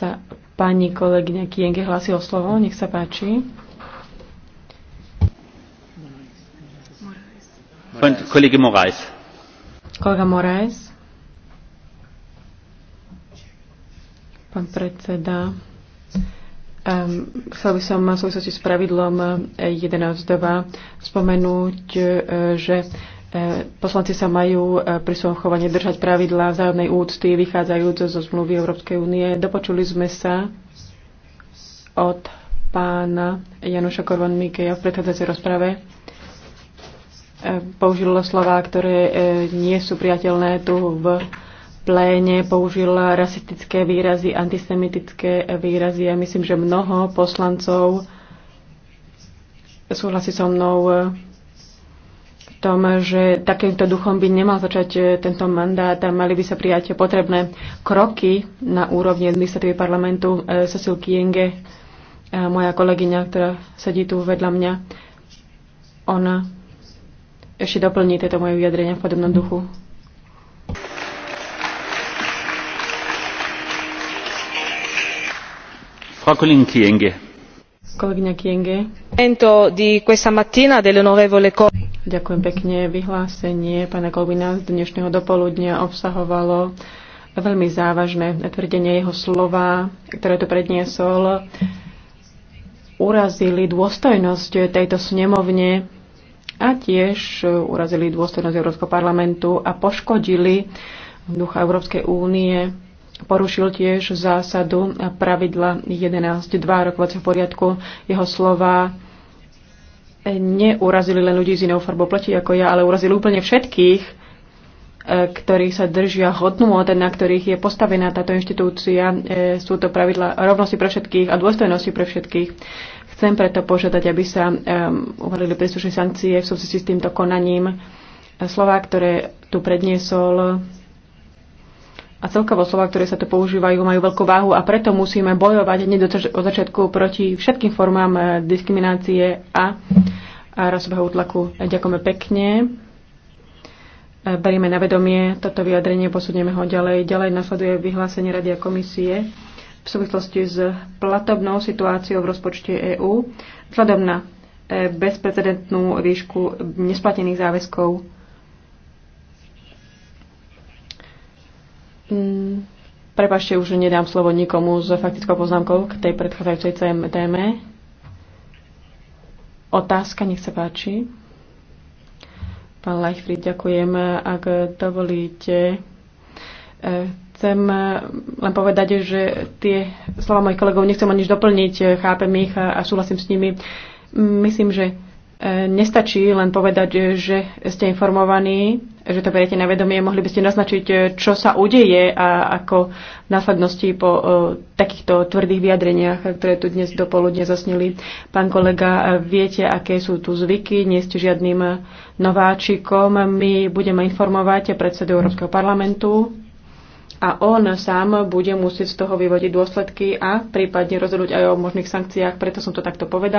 sa pani kolegyňa Kienke hlasí o slovo. Nech sa páči. Kolega Moraes. Kolega Moraes. Pán predseda, um, chcel by som v súvislosti s pravidlom 11.2 eh, spomenúť, eh, že E, poslanci sa majú e, pri svojom chovaní držať pravidlá vzájomnej úcty, vychádzajúc zo zmluvy Európskej únie. Dopočuli sme sa od pána Januša Korvan Mikeja v predchádzajúcej rozprave. E, použil slova, ktoré nie sú priateľné tu v pléne, použil rasistické výrazy, antisemitické výrazy a ja myslím, že mnoho poslancov súhlasí so mnou tom, že takýmto duchom by nemal začať e, tento mandát a mali by sa prijať potrebné kroky na úrovni administratívy parlamentu. E, Cecil Kienge, e, moja kolegyňa, ktorá sedí tu vedľa mňa, ona ešte doplní tieto moje vyjadrenia v podobnom duchu. Frau Kollegin Kienge. Kolegyňa Kienge. Ďakujem pekne. Vyhlásenie pána Kolbina z dnešného dopoludnia obsahovalo veľmi závažné tvrdenie jeho slova, ktoré tu predniesol, urazili dôstojnosť tejto snemovne a tiež urazili dôstojnosť Európskeho parlamentu a poškodili ducha Európskej únie. Porušil tiež zásadu pravidla 11.2 rokovacieho poriadku. Jeho slova neurazili len ľudí s inou farbou pleti ako ja, ale urazili úplne všetkých, e, ktorí sa držia hodnú na ktorých je postavená táto inštitúcia. E, sú to pravidla rovnosti pre všetkých a dôstojnosti pre všetkých. Chcem preto požiadať, aby sa e, uvalili príslušné sankcie v súvislosti s týmto konaním. Slová, ktoré tu predniesol a celkovo slova, ktoré sa tu používajú, majú veľkú váhu a preto musíme bojovať hneď od začiatku proti všetkým formám eh, diskriminácie a rasového útlaku. Ďakujeme pekne. Eh, berieme na vedomie toto vyjadrenie, posunieme ho ďalej. Ďalej nasleduje vyhlásenie Rady a komisie v súvislosti s platobnou situáciou v rozpočte EÚ vzhľadom na eh, bezprecedentnú výšku nesplatených záväzkov Mm, prepašte, už nedám slovo nikomu s faktickou poznámkou k tej predchádzajúcej téme. Otázka, nech sa páči. Pán Leichfried, ďakujem. Ak dovolíte, eh, chcem eh, len povedať, že tie slova mojich kolegov nechcem ani nič doplniť, eh, chápem ich a súhlasím s nimi. Myslím, že nestačí len povedať, že ste informovaní, že to beriete na vedomie. Mohli by ste naznačiť, čo sa udeje a ako v následnosti po e, takýchto tvrdých vyjadreniach, ktoré tu dnes dopoludne zasnili. Pán kolega, viete, aké sú tu zvyky, nie ste žiadnym nováčikom. My budeme informovať predsedu Európskeho parlamentu a on sám bude musieť z toho vyvodiť dôsledky a prípadne rozhodnúť aj o možných sankciách. Preto som to takto povedal.